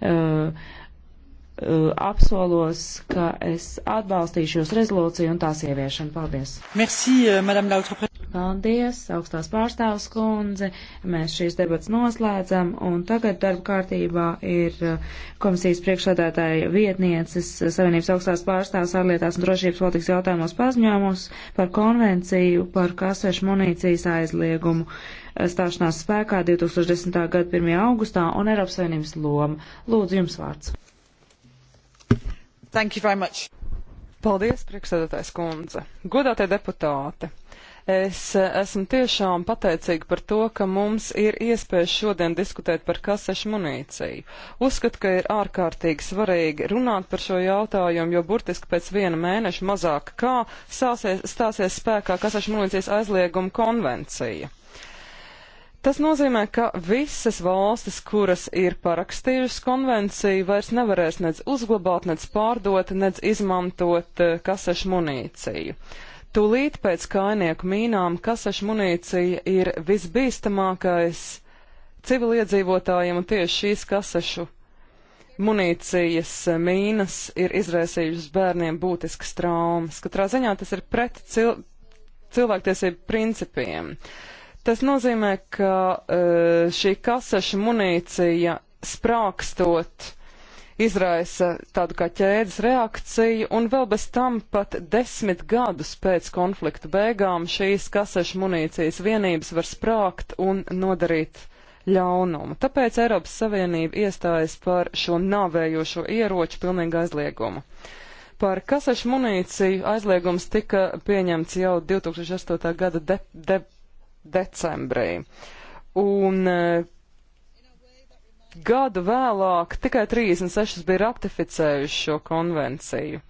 uh, apsolos, ka es atbalstīšu jūsu rezolūciju un tās ieviešanu. Paldies! Merci, uh, Paldies, augstās pārstāvs kundze. Mēs šīs debats noslēdzam, un tagad darba kārtībā ir uh, komisijas priekšsādātāja vietnieces uh, Savienības augstās pārstāvs ārlietās un drošības politikas jautājumos paziņojumus par konvenciju par kasešu munīcijas aizliegumu uh, stāšanās spēkā 2010. gada 1. augustā un Eiropas Savienības loma. Lūdzu, jums vārds. Thank you very much. Paldies, priekšsēdētājs kundze. Godātie deputāti! Es esmu tiešām pateicīga par to, ka mums ir iespēja šodien diskutēt par kasešu munīciju. Uzskatu, ka ir ārkārtīgi svarīgi runāt par šo jautājumu, jo burtiski pēc viena mēneša mazāk kā sāsies, stāsies spēkā kasešu munīcijas aizlieguma konvencija. Tas nozīmē, ka visas valstis, kuras ir parakstījušas konvenciju, vairs nevarēs nec uzglabāt, nec pārdot, nec izmantot eh, kasešu munīciju. Uh, Tūlīt pēc kainieku mīnām kasaša munīcija ir visbīstamākais civiliedzīvotājiem, un tieši šīs kasašu munīcijas mīnas ir izraisījušas bērniem būtiskas traumas. Katrā ziņā tas ir pret cil cilvēktiesību principiem. Tas nozīmē, ka eh, šī kasaša munīcija sprākstot izraisa tādu kā ķēdes reakciju, un vēl bez tam pat desmit gadus pēc konflikta beigām šīs kasešu munīcijas vienības var sprākt un nodarīt ļaunumu. Tāpēc Eiropas Savienība iestājas par šo nāvējošo ieroču pilnīgu aizliegumu. Par kasešu munīciju aizliegums tika pieņemts jau 2008. gada de de decembrī. Un eh, gadu vēlāk tikai 36 bija ratificējuši šo konvenciju.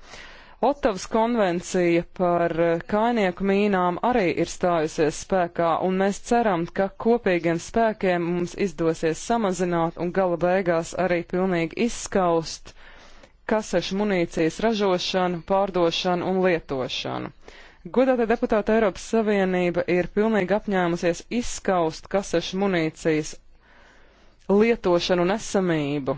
Otavas konvencija par eh, kainieku mīnām arī ir stājusies spēkā, un mēs ceram, ka kopīgiem spēkiem mums izdosies samazināt un gala beigās arī pilnīgi izskaust kasešu munīcijas ražošanu, pārdošanu un lietošanu. Godātā deputāta Eiropas Savienība ir pilnīgi apņēmusies izskaust kasešu munīcijas lietošanu un esamību.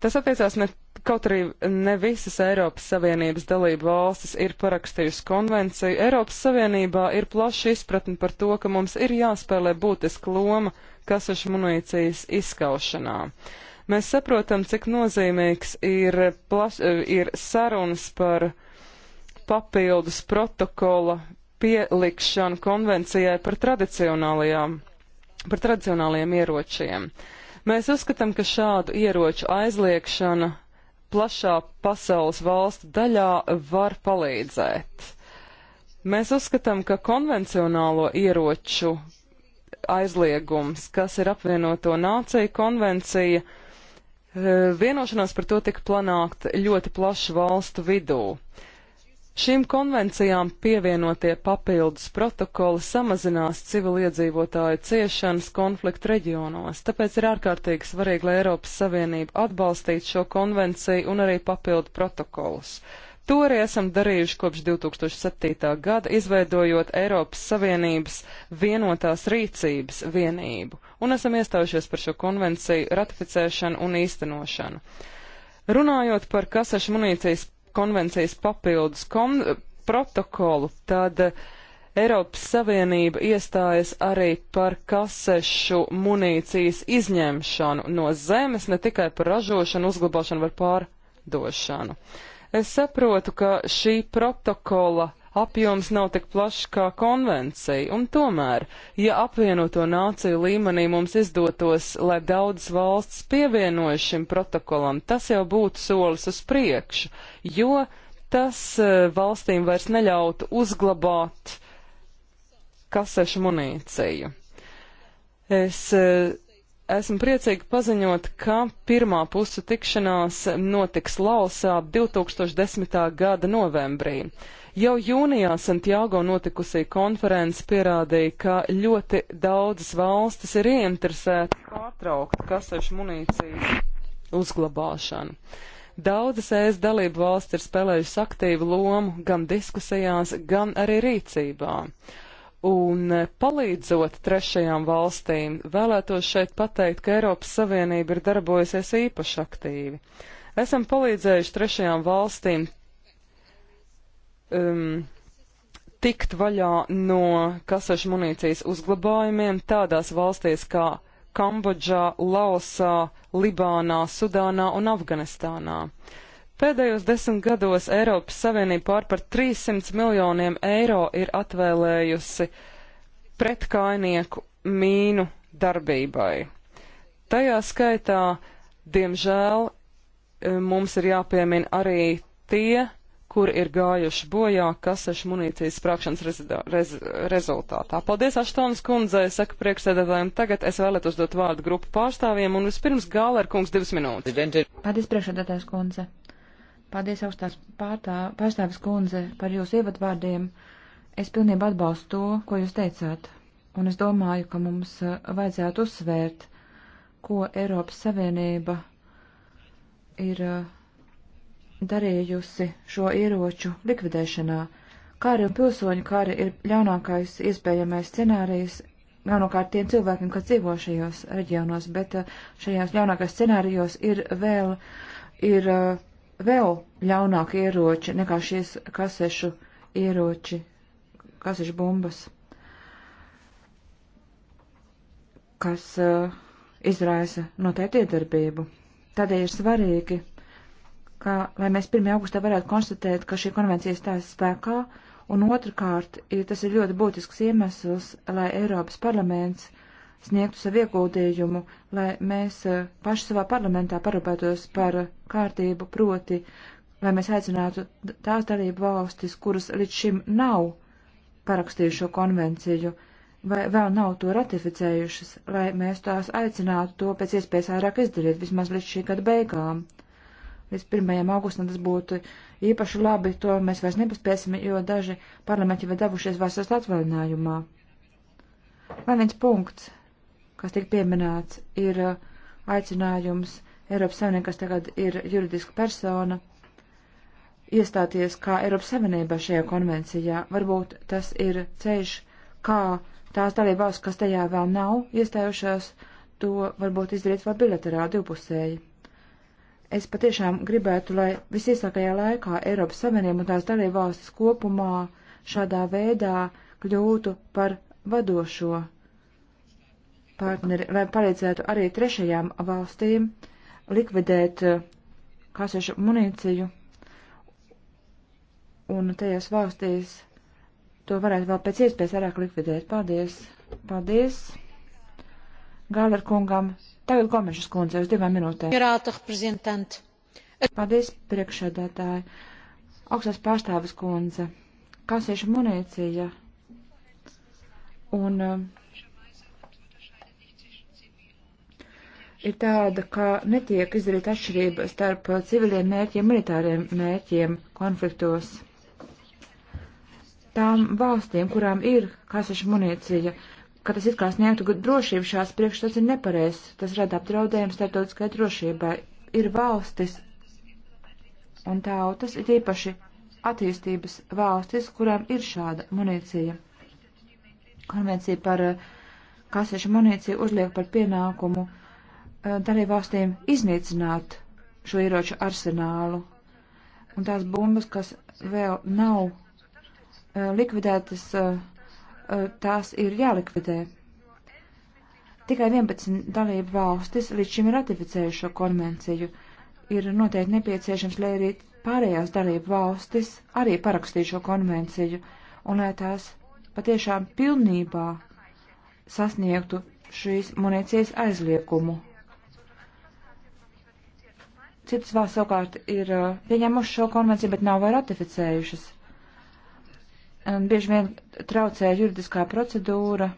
Tas attiecās ne, kaut arī ne visas Eiropas Savienības dalību valstis ir parakstījusi konvenciju. Eiropas Savienībā ir plaša izpratne par to, ka mums ir jāspēlē būtiska loma kasašu munīcijas izskaušanā. Mēs saprotam, cik nozīmīgs ir, plaš, ir sarunas par papildus protokola pielikšanu konvencijai par tradicionālajām, par tradicionālajiem ieročiem. Uh, Mēs uzskatām, ka šādu ieroču aizliekšana plašā pasaules valstu daļā var palīdzēt. Mēs uzskatām, ka konvencionālo ieroču aizliegums, kas ir apvienoto nāciju konvencija, eh, vienošanās par to tika planākt ļoti plašu valstu vidū. Šīm konvencijām pievienotie papildus protokoli samazinās civiliedzīvotāju ciešanas konfliktu reģionos, tāpēc ir ārkārtīgi svarīgi, lai Eiropas Savienība atbalstītu šo konvenciju un arī papildu protokolus. To arī esam darījuši kopš 2007. gada, izveidojot Eiropas Savienības vienotās rīcības vienību, un esam iestājušies par šo konvenciju ratificēšanu un īstenošanu. Runājot par kasašu munīcijas konvencijas papildus kon protokolu, tad eh, Eiropas Savienība iestājas arī par kasešu munīcijas izņemšanu no zemes, ne tikai par ražošanu, uzglabāšanu vai pārdošanu. Es saprotu, ka šī protokola apjoms nav tik plašs kā konvencija, un tomēr, ja apvienoto nāciju līmenī mums izdotos, lai daudz valsts pievienojas šim protokolam, tas jau būtu solis uz priekšu, jo tas e, valstīm vairs neļautu uzglabāt kasešu munīciju. Es e, Esmu priecīgi paziņot, ka pirmā pusu tikšanās notiks Laosā 2010. gada novembrī. Jau jūnijā Santiago notikusī konference pierādīja, ka ļoti daudzas valstis ir ieinteresētas pārtraukt kasešu munīcijas uzglabāšanu. Daudzas ES dalību valsts ir spēlējušas aktīvu lomu gan diskusijās, gan arī rīcībā. Un eh, palīdzot trešajām valstīm, vēlētos šeit pateikt, ka Eiropas Savienība ir darbojusies īpaši aktīvi. Esam palīdzējuši trešajām valstīm um, tikt vaļā no kasašu munīcijas uzglabājumiem tādās valstīs kā Kambodžā, Laosā, Libānā, Sudānā un Afganistānā. Uh, Pēdējos desmit gados Eiropas Savienība pār par 300 miljoniem eiro ir atvēlējusi pretkainieku mīnu darbībai. Tajā skaitā, diemžēl, eh, mums ir jāpiemina arī tie, kur ir gājuši bojā kasešu munīcijas sprākšanas rezidā, rez, rezultātā. Paldies Aštonas kundzei, saka priekšsēdētājiem. Tagad es vēlētos dot vārdu grupu pārstāvjiem un vispirms Gālēr kungs divas minūtes. Paldies priekšsēdētājs kundze. Paldies, augstās pārstāvis kundze, par jūsu ievadvārdiem. Es pilnībā atbalstu to, ko jūs teicāt, un es domāju, ka mums eh, vajadzētu uzsvērt, ko Eiropas Savienība ir eh, darījusi šo ieroču likvidēšanā. Kāri un pilsoņu kāri ir ļaunākais iespējamais scenārijs galvenokārt tiem cilvēkiem, kas dzīvo šajos reģionos, bet eh, šajās ļaunākajos scenārijos ir vēl ir uh, vēl ļaunāki ieroči nekā šīs kasešu ieroči, kasešu bumbas, kas uh, izraisa noteikti iedarbību. Tādēļ ir svarīgi, ka, lai mēs 1. augustā varētu konstatēt, ka šī konvencija stājas spēkā, un otrkārt, tas ir ļoti būtisks iemesls, lai Eiropas parlaments uh, sniegtu savu ieguldījumu, lai mēs eh, paši savā parlamentā parūpētos par kārtību, proti, lai mēs aicinātu tās dalību valstis, kuras līdz šim nav parakstījušo konvenciju, vai vēl nav to ratificējušas, lai mēs tās aicinātu to pēc iespējas ārāk izdarīt, vismaz līdz šī gada beigām. Līdz 1. augustam tas būtu īpaši labi, to mēs vairs nepaspēsim, jo daži parlamenti jau ir devušies vasaras atvaļinājumā. Vēl viens punkts, kas tik pieminēts, ir uh, aicinājums Eiropas Savienībai, kas tagad ir juridiska persona, iestāties kā Eiropas Savienībā šajā konvencijā. Varbūt tas ir ceļš, kā tās dalībvalsts, kas tajā vēl nav iestājušās, to varbūt izdarīt vēl bilaterāli divpusēji. Es patiešām gribētu, lai visīsākajā laikā Eiropas Savienība un tās dalībvalstis kopumā šādā veidā kļūtu par vadošo partneri, lai palīdzētu arī trešajām valstīm likvidēt eh, kasešu munīciju. Un tajās valstīs to varētu vēl pēc iespējas vairāk likvidēt. Paldies! Paldies! Gāler kungam! Tagad Gomešas kundze uz divām minūtēm. Paldies, priekšsēdētāji! Augstās pārstāvis kundze! Kaseša munīcija! Un uh, ir tāda, ka netiek izdarīta atšķirība starp civiliem mērķiem, militāriem mērķiem konfliktos. Tām valstīm, kurām ir kaseša munīcija, ka tas it kā sniegtu drošību šās priekšstats ir nepareizs, tas rada apdraudējums starptautiskai drošībai. Ir valstis un tautas, ir īpaši attīstības valstis, kurām ir šāda munīcija. Konvencija par eh, kaseša munīciju uzliek par pienākumu Eh, dalībvalstīm iznīcināt šo ieroču arsenālu. Un tās bumbas, kas vēl nav eh, likvidētas, eh, tās ir jālikvidē. Tikai 11 dalību valstis līdz šim ir ratificējuši šo konvenciju. Ir noteikti nepieciešams, lai arī pārējās dalību valstis arī parakstītu šo konvenciju un lai tās patiešām pilnībā sasniegtu šīs munīcijas aizliekumu. Citas valsts savukārt ir uh, pieņēmušas šo konvenciju, bet nav vai ratificējušas. Un bieži vien traucē juridiskā procedūra.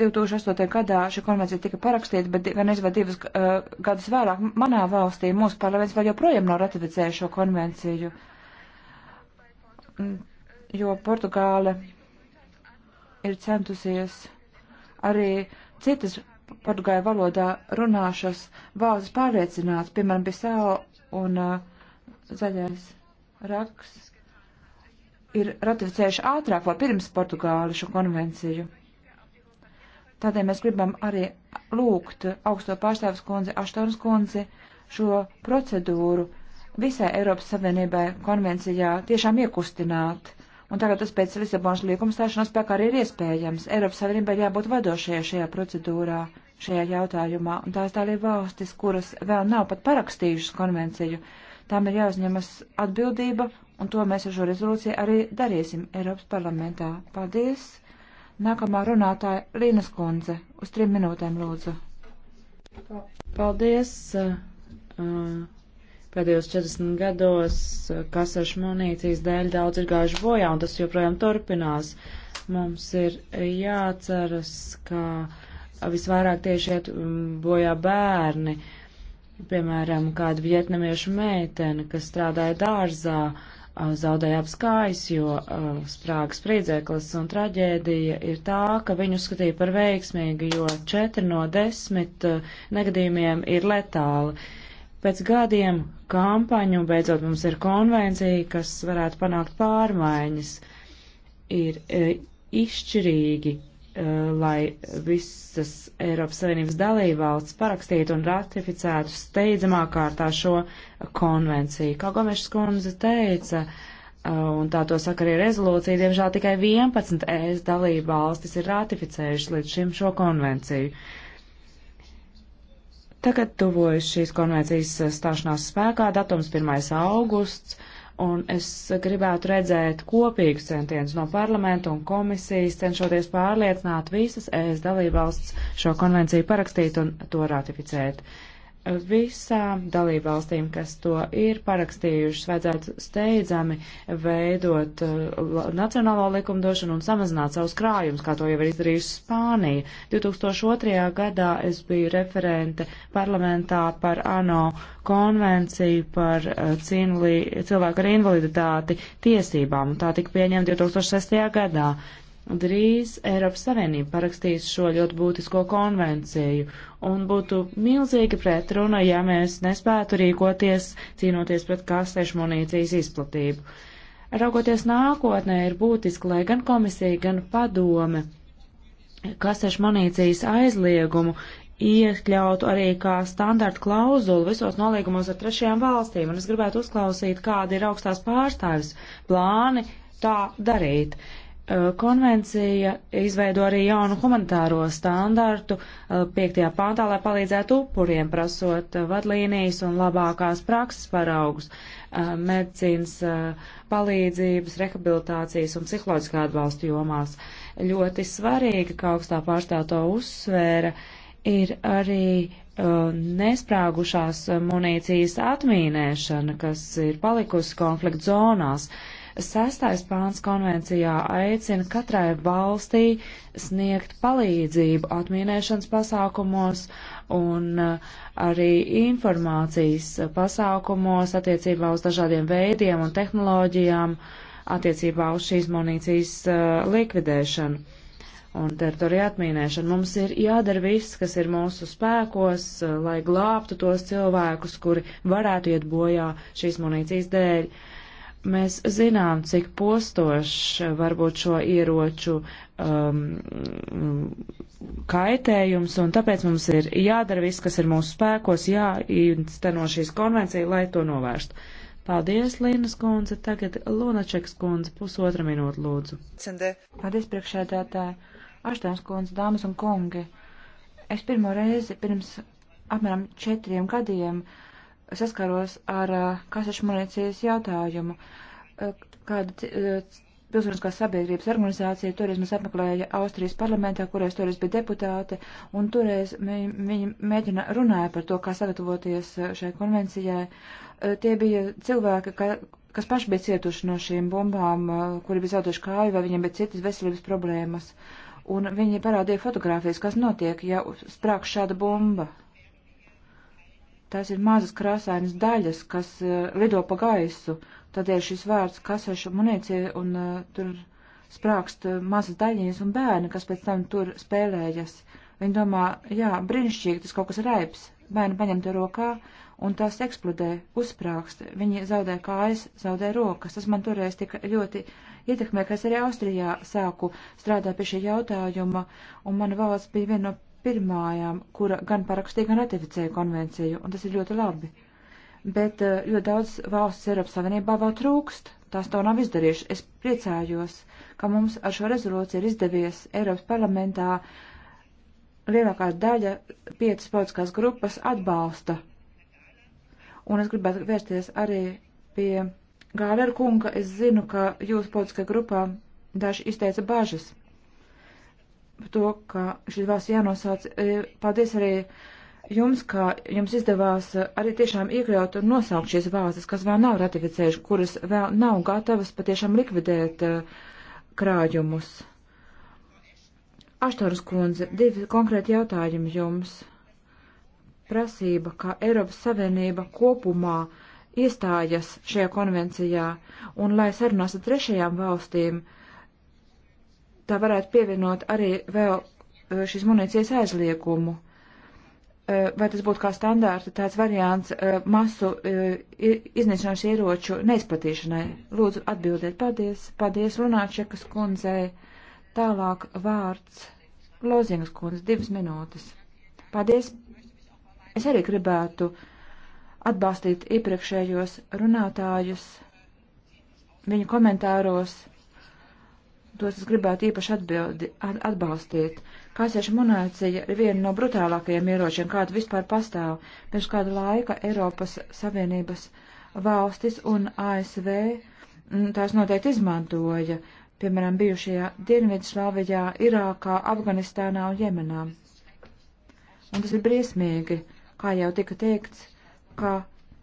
2008. gadā šī konvencija tika parakstīta, bet gan nezinu, vai divas uh, gadus vēlāk manā valstī mūsu parlaments vēl joprojām nav ratificējis šo konvenciju, mm, jo Portugāle ir centusies arī citas portugāļu valodā runāšas valdes pārliecināts, piemēram, Bisau un uh, zaļais raks ir ratificējuši ātrāk vai pirms Portugāli šo konvenciju. Tādēļ mēs gribam arī lūgt augsto pārstāvis kundzi, Aštonas kundzi, šo procedūru visai Eiropas Savienībai konvencijā tiešām iekustināt. Un tagad tas pēc Lisabonas līguma stāšanās spēkā arī ir iespējams. Eiropas Savienībai jābūt vadošajai šajā procedūrā šajā jautājumā, un tās dalība valstis, kuras vēl nav pat parakstījušas konvenciju, tām ir jāuzņemas atbildība, un to mēs ar šo rezolūciju arī darīsim Eiropas parlamentā. Paldies! Nākamā runātāja Līnas Kunze, uz trim minūtēm lūdzu. Paldies! Uh, uh, pēdējos 40 gados uh, kasašu munīcijas dēļ daudz ir gājuši bojā, un tas joprojām turpinās. Mums ir jāceras, ka. Kā visvairāk tieši iet mm, bojā bērni. Piemēram, kāda vietnamiešu meitene, kas strādāja dārzā, zaudēja apskājs, jo sprāga spriedzeklis un traģēdija ir tā, ka viņu skatīja par veiksmīgu, jo četri no desmit negadījumiem ir letāli. Pēc gadiem kampaņu beidzot mums ir konvencija, kas varētu panākt pārmaiņas. Ir e, izšķirīgi Eh, lai visas Eiropas Savienības dalībvalsts parakstītu un ratificētu steidzamā kārtā šo konvenciju. Kā Gomešs kundze teica, eh, un tā to saka arī rezolūcija, diemžēl tikai 11 ES dalībvalstis ir ratificējušas līdz šim šo konvenciju. Tagad tuvojas šīs konvencijas stāšanās spēkā, datums 1. augusts un es gribētu redzēt kopīgus centienus no parlamenta un komisijas, cenšoties pārliecināt visas ES dalībvalsts šo konvenciju parakstīt un to ratificēt. Uh, visām dalībvalstīm, kas to ir parakstījušas, vajadzētu steidzami veidot uh, nacionālo likumdošanu un samazināt savus krājumus, kā to jau ir izdarījusi Spānija. 2002. gadā es biju referente parlamentā par ANO konvenciju par uh, cīnlī, cilvēku ar invaliditāti tiesībām, un tā tika pieņemta 2006. gadā. Drīz Eiropas Savienība parakstīs šo ļoti būtisko konvenciju, un būtu milzīga pretruna, ja mēs nespētu rīkoties cīnoties pret kastēšu munīcijas izplatību. Raugoties nākotnē, ir būtiski, lai gan komisija, gan padome kastēšu munīcijas aizliegumu iekļautu arī kā standarta klauzulu visos nolīgumos ar trešajām valstīm, un es gribētu uzklausīt, kādi ir augstās pārstāvis plāni tā darīt. Eh, konvencija izveido arī jaunu humanitāro standārtu 5. Eh, pāntā, lai palīdzētu upuriem, prasot eh, vadlīnijas un labākās prakses paraugus, medicīnas palīdzības, rehabilitācijas un psiholoģiskā atbalsta jomās. Ļoti svarīgi, kā augstā pārstāv to uzsvēra, ir arī nesprāgušās munīcijas atmīnēšana, kas ir palikusi konflikt zonās. Uh, Sestais pāns konvencijā aicina katrai valstī sniegt palīdzību atmīnēšanas pasākumos un uh, arī informācijas pasākumos attiecībā uz dažādiem veidiem un tehnoloģijām attiecībā uz šīs munīcijas uh, likvidēšanu un teritoriju atmīnēšanu. Mums ir jādara viss, kas ir mūsu spēkos, uh, lai glābtu tos cilvēkus, kuri varētu iet bojā šīs munīcijas dēļ. Uh, Mēs zinām, cik postošs var būt šo ieroču um, kaitējums, un tāpēc mums ir jādara viss, kas ir mūsu spēkos, jāīsteno šīs konvencija, lai to novērstu. Paldies, Līnas kundze. Tagad Lunačeks kundze, pusotra minūte, lūdzu. Paldies, priekšēdētāji. Aštāns kundze, dāmas un kungi. Es pirmo reizi pirms apmēram četriem gadiem uh, saskaros ar kasešu munīcijas jautājumu. Kāda pilsoniskās sabiedrības organizācija toreiz mēs apmeklēja Austrijas parlamentā, kurēs toreiz bija deputāte, un toreiz viņi mēģina runāja par to, kā sagatavoties šai konvencijai. Tie bija cilvēki, ka, kas paši bija cietuši no šīm bombām, kuri bija zaudējuši kāju vai viņiem bija citas veselības problēmas. Un viņi parādīja fotogrāfijas, kas notiek, ja sprāks šāda bomba. Tās ir mazas krāsainas daļas, kas uh, lido pa gaisu. Tādēļ šis vārds kaseša munīcija un uh, tur sprākst uh, mazas daļiņas un bērni, kas pēc tam tur spēlējas. Viņi domā, jā, brīnišķīgi, tas kaut kas raips. Bērni paņem to rokā un tās eksplodē, uzsprākst. Viņi zaudē kājas, zaudē rokas. Tas man toreiz tika ļoti ietekmē, ka es arī Austrijā sāku strādāt pie šī jautājuma, un mana valsts bija viena no pirmajām, kura gan parakstīja, gan ratificēja konvenciju, un tas ir ļoti labi. Bet eh, ļoti daudz valsts Eiropas Savienībā vēl trūkst, tās to nav izdarījuši. Es priecājos, ka mums ar šo rezolūciju ir izdevies Eiropas parlamentā lielākā daļa piecas politiskās grupas atbalsta. Un es gribētu vērsties arī pie Gālera kunga. Es zinu, ka jūsu politiskajā grupā daži izteica bažas par to, ka šī valsts jānosauc. E, paldies arī jums, kā jums izdevās e, arī tiešām iekļaut un nosaukt šīs valstis, kas vēl nav ratificējuši, kuras vēl nav gatavas patiešām likvidēt e, krājumus. Aštāras kundze, divi konkrēti jautājumi jums. Prasība, kā Eiropas Savienība kopumā iestājas šajā konvencijā un lai sarunās ar trešajām valstīm, uh, tā varētu pievienot arī vēl eh, šīs munīcijas aizliegumu. Eh, vai tas būtu kā standārta tāds variants eh, masu iznīcināšanas ieroču neizplatīšanai? Lūdzu atbildiet. Paldies. Paldies Lunāčekas kundzei. Tālāk vārds Lozingas kundze. Divas minūtes. Paldies. Es arī gribētu atbalstīt iepriekšējos runātājus viņu komentāros tos es gribētu īpaši atbildi, atbalstīt. Kāsieša munācija ir viena no brutālākajiem ieročiem, kāda vispār pastāv. Pirms kāda laika Eiropas Savienības valstis un ASV mm, tās noteikti izmantoja, piemēram, bijušajā Dienvidslāvijā, Irākā, Afganistānā un Jemenā. Un tas ir briesmīgi, kā jau tika teikts, ka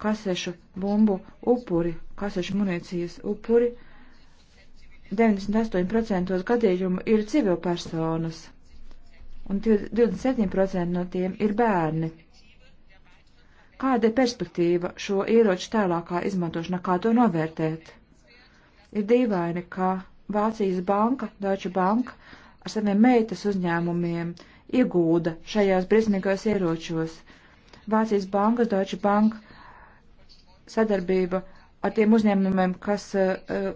kasešu bumbu upuri, kasešu munīcijas upuri, uh, 98% gadījumu ir civilpersonas, un 27% no tiem ir bērni. Kāda ir perspektīva šo ieroču tālākā izmantošanā, kā to novērtēt? Ir dīvaini, ka Vācijas banka, Deutsche Bank, ar saviem meitas uzņēmumiem iegūda šajās briesmīgajos ieročos. Vācijas bankas, Deutsche Bank sadarbība ar tiem uzņēmumiem, kas uh,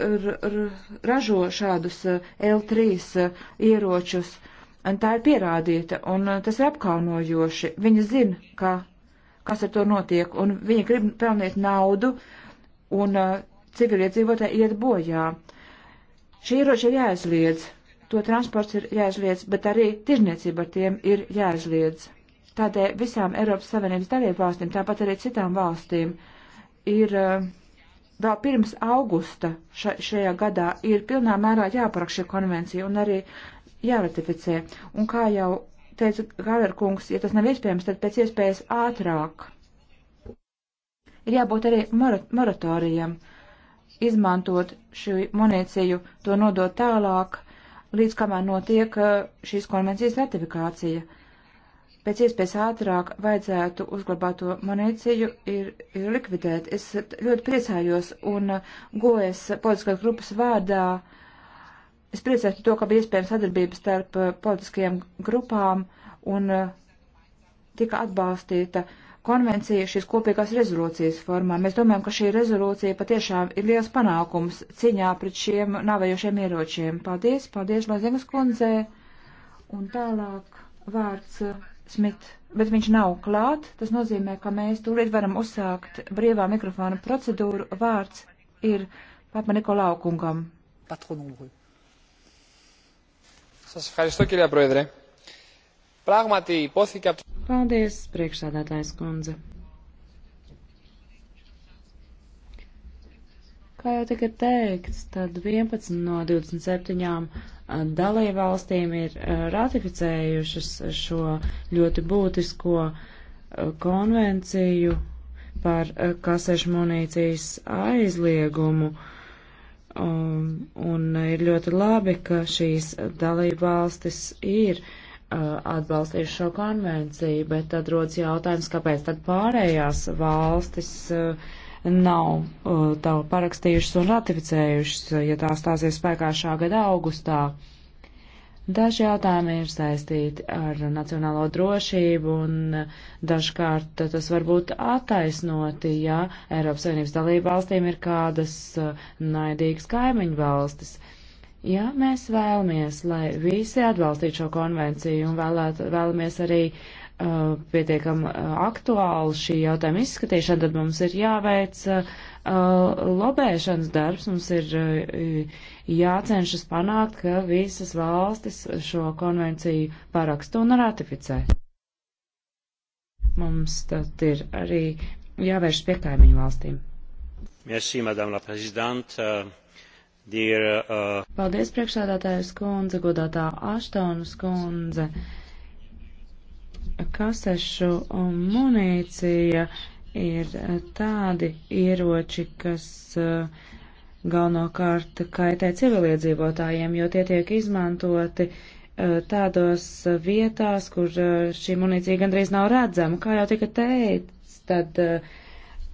ražo šādus e, L3 e, ieročus. Un tā ir pierādīta, un e, tas ir apkaunojoši. Viņi zina, ka, kas ar to notiek, un viņi grib pelnīt naudu, un uh, civiliedzīvotāji iet bojā. Šī ieroča ir jāizliedz, to transports ir jāizliedz, bet arī tirzniecība ar tiem ir jāizliedz. Tādēļ visām Eiropas Savienības dalībvalstīm, tāpat arī citām valstīm, ir uh, vēl pirms augusta ša, šajā gadā ir pilnā mērā jāparakšķi konvencija un arī jāratificē. Un kā jau teica Galerkungs, ja tas nav iespējams, tad pēc iespējas ātrāk. Ir jābūt arī moratorijam, izmantot šī monēciju, to nodot tālāk, līdz kamēr notiek eh, šīs konvencijas ratifikācija pēc iespējas ātrāk vajadzētu uzglabāto munīciju ir, ir likvidēt. Es ļoti priecājos un uh, gojas politiskās grupas vārdā. Es priecājos par to, ka bija iespējams sadarbības starp uh, politiskajām grupām un uh, tika atbalstīta konvencija šīs kopīgās rezolūcijas formā. Mēs domājam, ka šī rezolūcija patiešām ir liels panākums ciņā pret šiem navajošiem ieročiem. Paldies, paldies Laziemas kundzē. Un tālāk vārds. Smits, bet viņš nav klāt. Tas nozīmē, ka mēs tūlīt varam uzsākt brīvā mikrofona procedūru. Vārds ir Papa Nikolau kungam. Paldies, priekšsādātājs kundze. Kā jau tika teikts, tad 11 no 27 dalībvalstīm ir eh, ratificējušas šo ļoti būtisko eh, konvenciju par eh, kasešu munīcijas aizliegumu. Un, um, un ir ļoti labi, ka šīs dalībvalstis ir atbalstījuši šo konvenciju, bet tad rodas jautājums, kāpēc tad pārējās valstis uh, nav uh, to parakstījušas un ratificējušas, uh, ja tā stāsies spēkā šā gada augustā. Daži jautājumi ir saistīti ar nacionālo drošību, un uh, dažkārt uh, tas var būt attaisnoti, ja Eiropas Savienības dalība valstīm ir kādas naidīgas kaimiņu valstis. Ja mēs vēlamies, lai visi atbalstītu šo konvenciju un vēlēt, vēlamies arī Eh, pietiekam eh, aktuāli šī jautājuma izskatīšana, tad mums ir jāveic eh, lobēšanas darbs, mums ir jācenšas panākt, ka visas valstis šo konvenciju parakstu un ratificē. Mums tad ir arī jāvērš pie kaimiņu valstīm. Merci, madame la présidente. Euh, dear, uh... Paldies, priekšsēdātājas kundze, godātā Aštonas kundze. Uh, kasešu un munīcija ir eh, tādi ieroči, kas eh, galvenokārt kaitē civiliedzīvotājiem, jo tie tiek izmantoti eh, tādos vietās, kur šī munīcija gandrīz nav redzama. Kā jau tika teikts, tad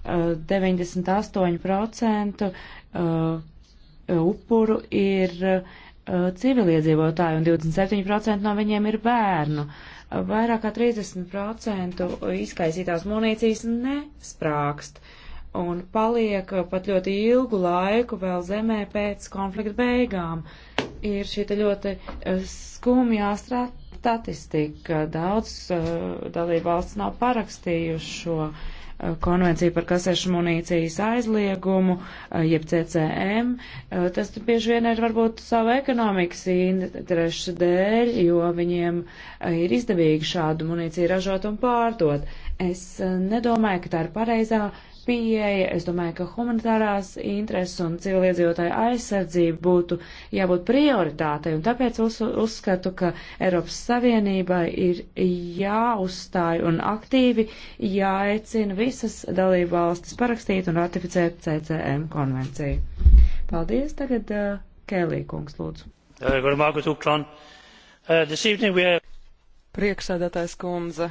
98% upuru ir civiliedzīvotāji un 27% no viņiem ir bērnu. Uh, vairāk kā 30% izkaisītās munīcijas nesprākst un paliek pat ļoti ilgu laiku vēl zemē pēc konflikta beigām. Ir šī ļoti eh, skumjā statistika. Daudz uh, dalību valsts nav parakstījuši šo uh, konvenciju par kasešu munīcijas aizliegumu, jeb CCM. Tas bieži vien ir varbūt savu ekonomikas interesu dēļ, jo viņiem ir izdevīgi šādu munīciju ražot un pārdot. Es nedomāju, ka tā ir pareizā pieeja. Es domāju, ka humanitārās intereses un civiliedzīvotāju aizsardzība būtu jābūt prioritātei, un tāpēc uz, uzskatu, ka Eiropas Savienībai ir jāuzstāj un aktīvi jāecina visas dalību valstis parakstīt un ratificēt CCM konvenciju. Paldies, tagad uh, Kēlī kungs, lūdzu. Uh, uh, Priekšsēdētājs kundze,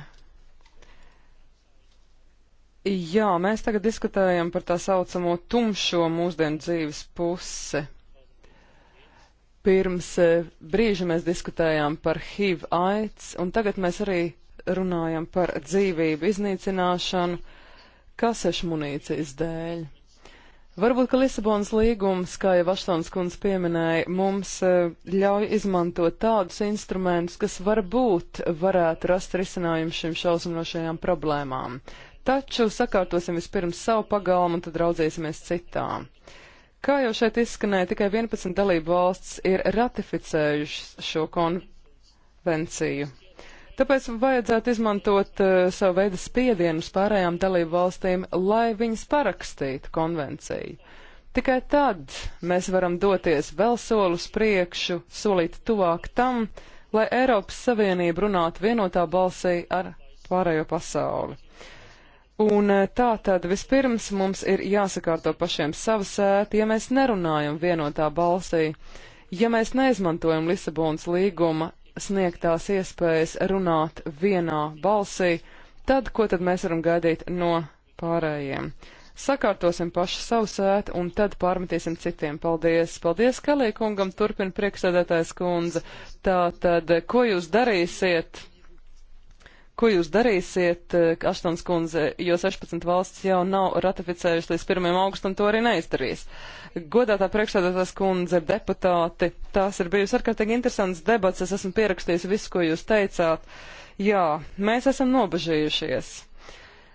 Jā, mēs tagad diskutējam par tā saucamo tumšo mūsdienu dzīves pusi. Pirms e, brīža mēs diskutējām par HIV aids, un tagad mēs arī runājam par dzīvību iznīcināšanu kasešu munīcijas dēļ. Varbūt, ka Lisabonas līgums, kā jau Vaštons kundze pieminēja, mums e, ļauj izmantot tādus instrumentus, kas varbūt varētu rast risinājumu šīm šausminošajām problēmām. Taču sakārtosim vispirms savu pagalmu un tad raudzēsimies citām. Kā jau šeit izskanēja, tikai 11 dalību valsts ir ratificējušas šo konvenciju. Tāpēc vajadzētu izmantot uh, savu veidu spiedienu uz pārējām dalību valstīm, lai viņas parakstītu konvenciju. Tikai tad mēs varam doties vēl solus priekšu, solīt tuvāk tam, lai Eiropas Savienība runātu vienotā balsī ar pārējo pasauli. Uh, Un eh, tā tad vispirms mums ir jāsakārto pašiem sava sēta, ja mēs nerunājam vienotā balsī, ja mēs neizmantojam Lisabonas līguma sniegtās iespējas runāt vienā balsī, tad ko tad mēs varam gaidīt no pārējiem? sakārtosim pašu savu sētu un tad pārmetīsim citiem. Paldies! Paldies, Kalī kungam, turpina priekšsēdētājs kundze. Tā tad, ko jūs darīsiet? Ko jūs darīsiet, eh, Aštons kundze, jo 16 valsts jau nav ratificējušas līdz 1. augustam, to arī neizdarīs. Godātā priekšsēdētās kundze, deputāti, tās ir bijusi ārkārtīgi interesants debats, es esmu pierakstījis visu, ko jūs teicāt. Jā, mēs esam nobežījušies.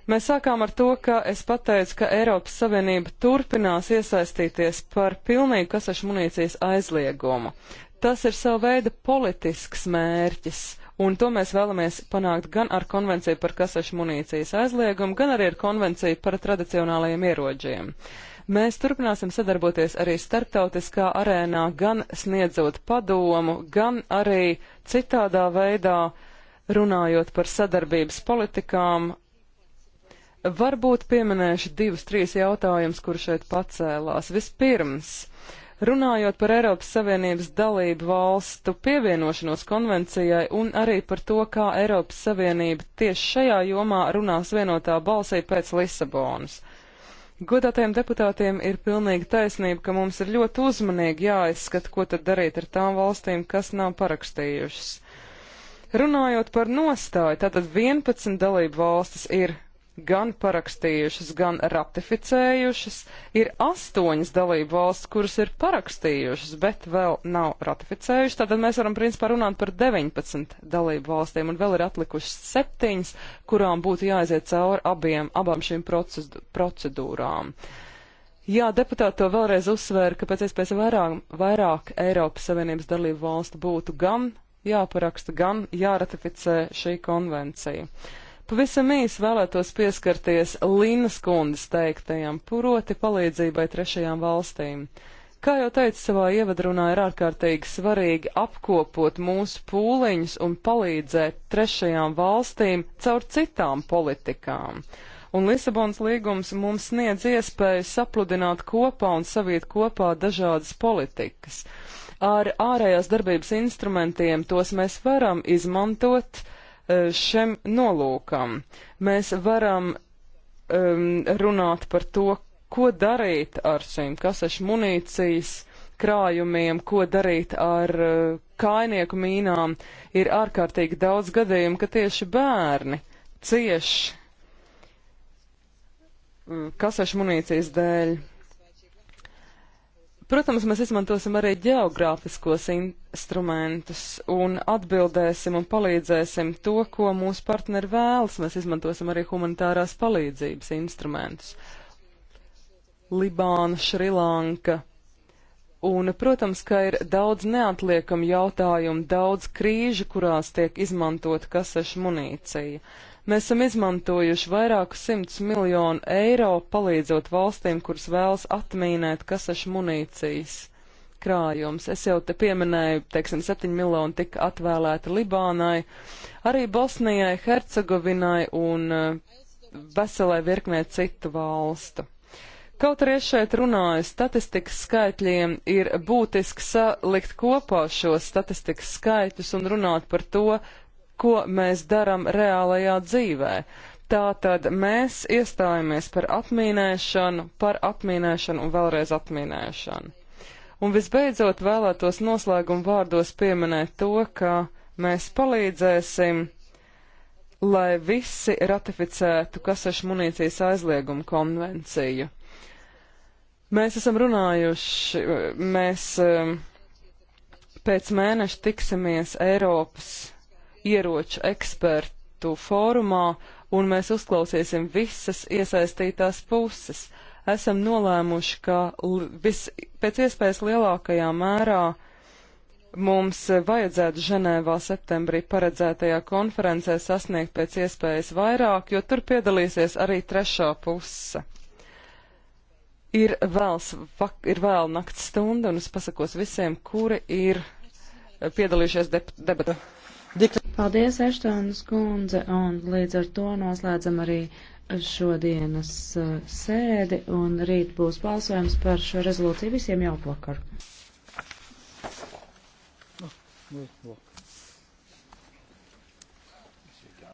Mēs sākām ar to, ka es pateicu, ka Eiropas Savienība turpinās iesaistīties par pilnīgu kasašu munīcijas aizliegumu. Tas ir sava veida politisks mērķis, Un to mēs vēlamies panākt gan ar konvenciju par kasašu munīcijas aizliegumu, gan arī ar konvenciju par tradicionālajiem ieroģiem. Mēs turpināsim sadarboties arī starptautiskā arēnā, gan sniedzot padomu, gan arī citādā veidā runājot par sadarbības politikām. Varbūt pieminēšu divus, trīs jautājumus, kur šeit pacēlās. Vispirms, uh, Runājot par Eiropas Savienības dalību valstu pievienošanos konvencijai un arī par to, kā Eiropas Savienība tieši šajā jomā runās vienotā balsī pēc Lisabonas. Godātajiem deputātiem ir pilnīga taisnība, ka mums ir ļoti uzmanīgi jāizskata, ko tad darīt ar tām valstīm, kas nav parakstījušas. Runājot par nostāju, tātad 11 dalību valstis ir gan parakstījušas, gan ratificējušas. Ir astoņas dalību valsts, kuras ir parakstījušas, bet vēl nav ratificējušas. Tātad mēs varam principā runāt par 19 dalību valstīm, un vēl ir atlikušas septiņas, kurām būtu jāaiziet cauri abiem, abām šīm procedūrām. Jā, deputāti to vēlreiz uzsvēra, ka pēc iespējas vairāk, vairāk Eiropas Savienības dalību valstu būtu gan jāparaksta, gan jāratificē šī konvencija. Uh, Pavisam īsi vēlētos pieskarties Linas kundas teiktajam, proti palīdzībai trešajām valstīm. Kā jau teicu savā ievadrunā, ir ārkārtīgi svarīgi apkopot mūsu pūliņus un palīdzēt trešajām valstīm caur citām politikām. Un Lisabons līgums mums sniedz iespēju sapludināt kopā un savīt kopā dažādas politikas. Ar ārējās darbības instrumentiem tos mēs varam izmantot, uh, Eh, šim nolūkam. Mēs varam um, runāt par to, ko darīt ar šīm kasešu munīcijas krājumiem, ko darīt ar uh, eh, kainieku mīnām. Ir ārkārtīgi daudz gadījumu, ka tieši bērni cieši eh, kasešu munīcijas dēļ. Protams, mēs izmantosim arī geogrāfiskos instrumentus un atbildēsim un palīdzēsim to, ko mūsu partneri vēlas. Mēs izmantosim arī humanitārās palīdzības instrumentus. Libāna, Šrilanka, Un, protams, ka ir daudz neatliekam jautājumu, daudz krīžu, kurās tiek izmantot kasešu munīcija. Mēs esam izmantojuši vairākus simtus miljonu eiro, palīdzot valstīm, kuras vēlas atmīnēt kasešu munīcijas krājums. Es jau te pieminēju, teiksim, 7 miljoni tika atvēlēti Libānai, arī Bosnijai, Hercegovinai un eh, veselai virknē citu valstu. Kaut arī es šeit runāju statistikas skaitļiem, ir būtiski salikt kopā šos statistikas skaitļus un runāt par to, ko mēs darām reālajā dzīvē. Tātad mēs iestājamies par atmīnēšanu, par atmīnēšanu un vēlreiz atmīnēšanu. Un visbeidzot vēlētos noslēguma vārdos pieminēt to, ka mēs palīdzēsim lai visi ratificētu kasašu munīcijas aizliegumu konvenciju. Mēs esam runājuši, mēs um, pēc mēneša tiksimies Eiropas ieroču ekspertu fórumā, un mēs uzklausīsim visas iesaistītās puses. Esam nolēmuši, ka vis, pēc iespējas lielākajā mērā mums vajadzētu Ženēvā septembrī paredzētajā konferencē sasniegt pēc iespējas vairāk, jo tur piedalīsies arī trešā puse. Ir vēls, ir vēl nakts stunda, un es pasakos visiem, kuri ir eh, piedalījušies debatē. Paldies, Eštānas kundze, un līdz ar to noslēdzam arī šodienas eh, sēdi, un rīt būs balsojums par šo rezolūciju visiem jaukvakar. Oh, no, nu, oh. No. Nu, nu.